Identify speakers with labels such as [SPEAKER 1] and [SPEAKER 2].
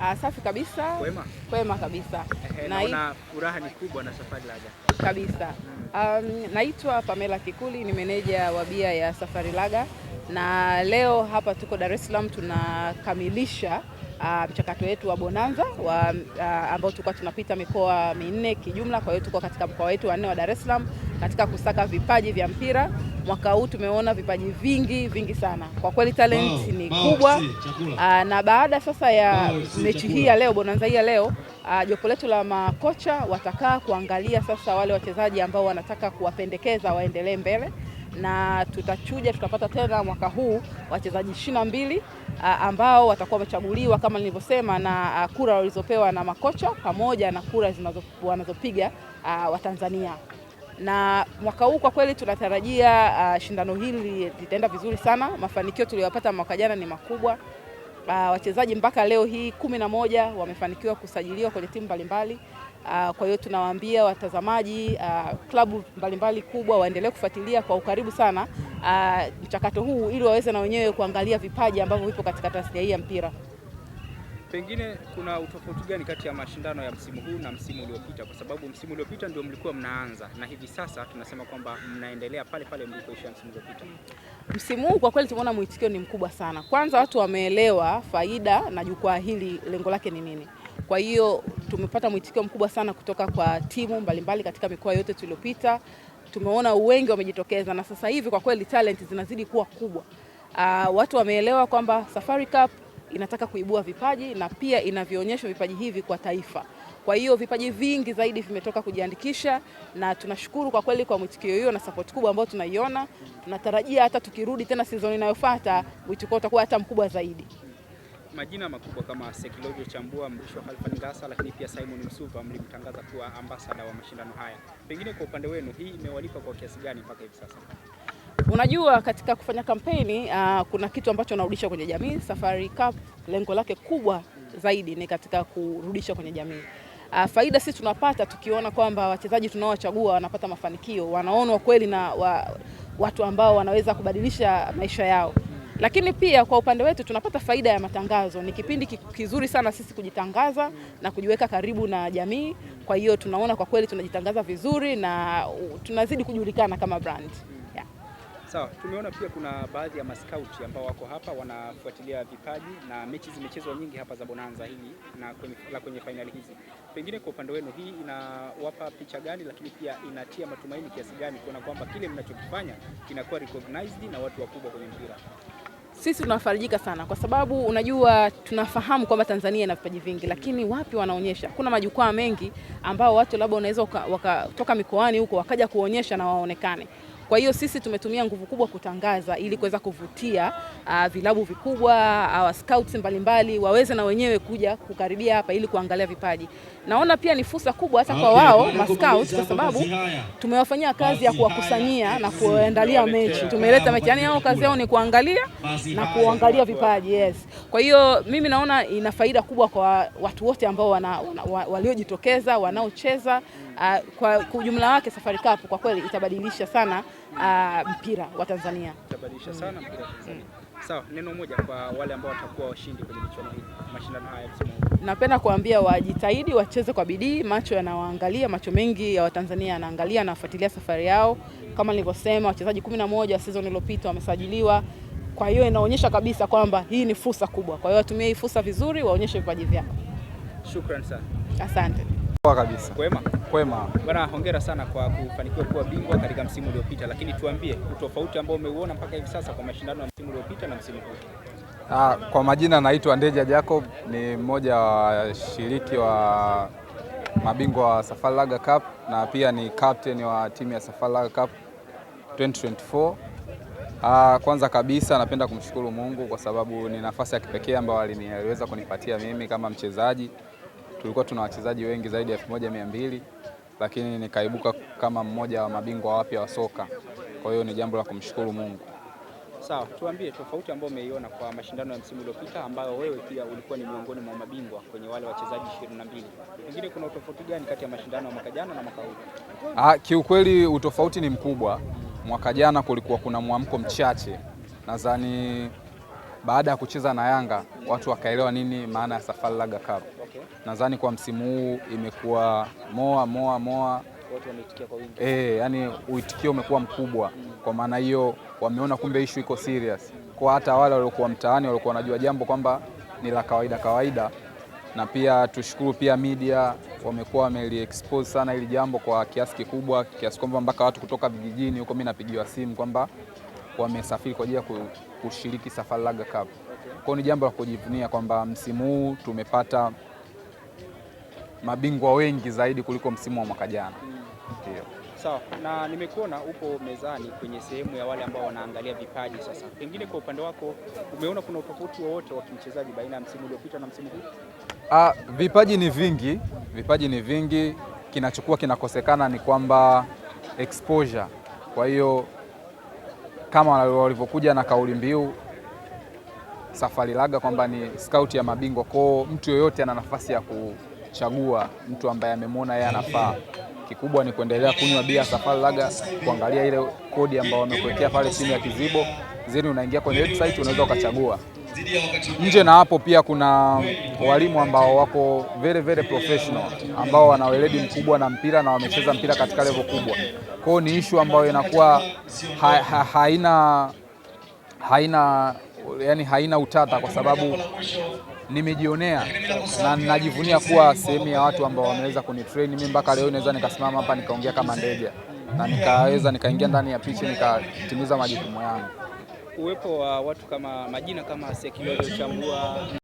[SPEAKER 1] Ah, safi kabisa. Kwema? Kwema kabisa.
[SPEAKER 2] na naona furaha ni kubwa na safari laga
[SPEAKER 1] kabisa. Um, naitwa Pamela Kikuli ni meneja wa bia ya Safari Laga na leo hapa tuko Dar es Salaam tunakamilisha uh, mchakato wetu wa bonanza wa, uh, ambao tulikuwa tunapita mikoa minne kijumla, kwa hiyo tuko katika mkoa wetu wa nne wa Dar es Salaam katika kusaka vipaji vya mpira. Mwaka huu tumeona vipaji vingi vingi sana kwa kweli, talent ni kubwa aa, ah, na baada sasa ya mechi hii ya leo, bonanza hii ya leo, ah, jopo letu la makocha watakaa kuangalia sasa wale wachezaji ambao wanataka kuwapendekeza waendelee mbele na tutachuja tutapata tena mwaka huu wachezaji ishirini na mbili ah, ambao watakuwa wamechaguliwa kama nilivyosema, na kura walizopewa na makocha pamoja na kura wanazopiga Watanzania na mwaka huu kwa kweli tunatarajia uh, shindano hili litaenda vizuri sana. Mafanikio tuliyopata mwaka jana ni makubwa. Uh, wachezaji mpaka leo hii kumi na moja wamefanikiwa kusajiliwa kwenye timu mbalimbali. Uh, kwa hiyo tunawaambia watazamaji uh, klabu mbalimbali kubwa waendelee kufuatilia kwa ukaribu sana uh, mchakato huu ili waweze na wenyewe kuangalia vipaji ambavyo vipo katika tasnia hii ya mpira.
[SPEAKER 2] Pengine kuna utofauti gani kati ya mashindano ya msimu huu na msimu uliopita? Kwa sababu msimu uliopita ndio mlikuwa mnaanza na hivi sasa tunasema kwamba mnaendelea pale pale mlipoishia msimu uliopita.
[SPEAKER 1] Msimu huu kwa kweli tumeona mwitikio ni mkubwa sana. Kwanza watu wameelewa faida na jukwaa hili lengo lake ni nini. Kwa hiyo tumepata mwitikio mkubwa sana kutoka kwa timu mbalimbali mbali katika mikoa yote tuliyopita. Tumeona wengi wamejitokeza na sasa hivi kwa kweli talent zinazidi kuwa kubwa. Uh, watu wameelewa kwamba Safari Cup inataka kuibua vipaji na pia inavyoonyesha vipaji hivi kwa taifa. Kwa hiyo vipaji vingi zaidi vimetoka kujiandikisha na tunashukuru kwa kweli kwa mwitikio hiyo na support kubwa ambayo tunaiona. Tunatarajia hata tukirudi tena season inayofuata mwitikio utakuwa hata mkubwa zaidi.
[SPEAKER 2] Majina makubwa kama Sekilojo Chambua, Mrisho Khalfan Ngasa, lakini pia Simon Msuva mlimtangaza kuwa ambasada wa mashindano haya. Pengine kwa upande wenu hii imewalipa kwa kiasi gani mpaka hivi sasa?
[SPEAKER 1] Unajua, katika kufanya kampeni uh, kuna kitu ambacho unarudisha kwenye jamii. Safari Cup lengo lake kubwa zaidi ni katika kurudisha kwenye jamii. Uh, faida sisi tunapata tukiona kwamba wachezaji tunaowachagua wanapata mafanikio, wanaonwa kweli na wa, watu ambao wanaweza kubadilisha maisha yao. Lakini pia kwa upande wetu tunapata faida ya matangazo. Ni kipindi kizuri sana sisi kujitangaza na kujiweka karibu na jamii. Kwa hiyo tunaona kwa kweli tunajitangaza vizuri na tunazidi kujulikana kama brand.
[SPEAKER 2] Sawa, tumeona pia kuna baadhi ya maskauti ambao wako hapa wanafuatilia vipaji na mechi zimechezwa nyingi hapa za Bonanza hili na kwenye, la kwenye fainali hizi, pengine kwa upande wenu hii inawapa picha gani, lakini pia inatia matumaini kiasi gani kuona kwamba kile mnachokifanya kinakuwa recognized na watu wakubwa kwenye mpira?
[SPEAKER 1] Sisi tunafarijika sana kwa sababu unajua, tunafahamu kwamba Tanzania ina vipaji vingi, lakini wapi wanaonyesha. Kuna majukwaa mengi ambao watu labda wanaweza wakatoka mikoani huko wakaja kuonyesha na waonekane kwa hiyo sisi tumetumia nguvu kubwa kutangaza ili kuweza kuvutia uh, vilabu vikubwa uh, scouts mbalimbali waweze na wenyewe kuja kukaribia hapa ili kuangalia vipaji. Naona pia ni fursa kubwa hata kwa wao ma scouts, kwa sababu tumewafanyia kazi ya kuwakusanyia na kuandalia mechi, tumeleta mechi, yani yao kazi yao ni kuangalia na kuangalia vipaji yes. Kwa hiyo mimi naona ina faida kubwa kwa watu wote ambao wana, wana, waliojitokeza wanaocheza uh, kwa ujumla wake Safari Cup kwa kweli itabadilisha sana uh, mpira wa Tanzania,
[SPEAKER 2] itabadilisha sana mpira wa Tanzania. Mm. Sawa, neno moja kwa wale ambao watakuwa washindi kwenye michuano hii, mashindano haya
[SPEAKER 1] napenda kuambia wajitahidi, wacheze kwa bidii, macho yanawaangalia, macho mengi ya Watanzania yanaangalia, anawafuatilia safari yao. Kama nilivyosema, wachezaji 11 season iliyopita wamesajiliwa, kwa hiyo inaonyesha kabisa kwamba hii ni fursa kubwa. Kwa hiyo watumie hii fursa vizuri, waonyeshe vipaji vyao. Shukrani sana, asante.
[SPEAKER 3] Poa kabisa. Kwema? Kwema.
[SPEAKER 2] Bwana, hongera sana kwa kufanikiwa kuwa bingwa katika msimu uliopita, lakini tuambie utofauti ambao umeuona mpaka hivi sasa kwa mashindano ya msimu uliopita na msimu huu.
[SPEAKER 3] Ah, kwa majina naitwa Ndeja Jacob, ni mmoja wa shiriki wa mabingwa wa Safari Laga Cup na pia ni captain wa timu ya Safari Laga Cup 2024. Ah, kwanza kabisa napenda kumshukuru Mungu kwa sababu ni nafasi ya kipekee ambayo aliweza kunipatia mimi kama mchezaji tulikuwa tuna wachezaji wengi zaidi ya elfu moja mia mbili lakini nikaibuka kama mmoja wa mabingwa wapya wa soka. Kwa hiyo ni jambo la kumshukuru Mungu.
[SPEAKER 2] Sawa, tuambie tofauti ambayo umeiona kwa mashindano ya msimu uliopita ambayo wewe pia ulikuwa ni miongoni mwa mabingwa kwenye wale wachezaji 22. mbili. Pengine kuna utofauti gani kati ya mashindano ya mwaka jana na mwaka huu?
[SPEAKER 3] Ah, kiukweli utofauti ni mkubwa. Mwaka jana kulikuwa kuna mwamko mchache, nadhani baada ya kucheza na Yanga watu wakaelewa nini maana ya Safari Laga Cup nadhani kwa msimu huu imekuwa moa moa moa Eh, yani uitikio umekuwa mkubwa mm. Kwa maana hiyo wameona kumbe issue iko serious. Kwa hata wale waliokuwa mtaani waliokuwa wanajua jambo kwamba ni la kawaida kawaida, na pia tushukuru pia media wamekuwa wameliexpose sana hili jambo kwa kiasi kikubwa, kiasi kwamba mpaka watu kutoka vijijini huko mimi napigiwa simu kwamba wamesafiri kwa ajili ya kushiriki Safari Laga Cup. Kwa hiyo ni jambo la kujivunia kwamba msimu huu tumepata mabingwa wengi zaidi kuliko msimu wa mwaka jana. Ndio.
[SPEAKER 2] Sawa. Na nimekuona upo mezani kwenye sehemu ya wale ambao wanaangalia vipaji sasa. Pengine kwa upande wako umeona kuna utofauti wowote wa kimchezaji baina ya msimu uliopita na msimu huu?
[SPEAKER 3] Ah, vipaji ni vingi, vipaji ni vingi. Kinachokuwa kinakosekana ni kwamba exposure. Kwa hiyo kama walivyokuja na kauli mbiu Safari Laga kwamba ni scout ya mabingwa, kwao mtu yoyote ana nafasi ya ku chagua mtu ambaye amemwona yeye anafaa. Kikubwa ni kuendelea kunywa bia Safari Lager, kuangalia ile kodi ambayo wamekuwekea pale chini ya kizibo, zeni, unaingia kwenye website, unaweza ukachagua. Nje na hapo pia kuna walimu ambao wako very very professional ambao wana weledi mkubwa na mpira na wamecheza mpira katika level kubwa. Kwa hiyo ni issue ambayo inakuwa ha, ha, haina haina yani haina utata kwa sababu nimejionea na ninajivunia kuwa sehemu ya watu ambao wameweza kunitrain mimi mpaka leo naweza nikasimama hapa nikaongea kama ndege na nikaweza nikaingia ndani ya pichi nikatimiza majukumu yangu.
[SPEAKER 2] Uwepo wa watu kama majina kama Sekilodo Chambua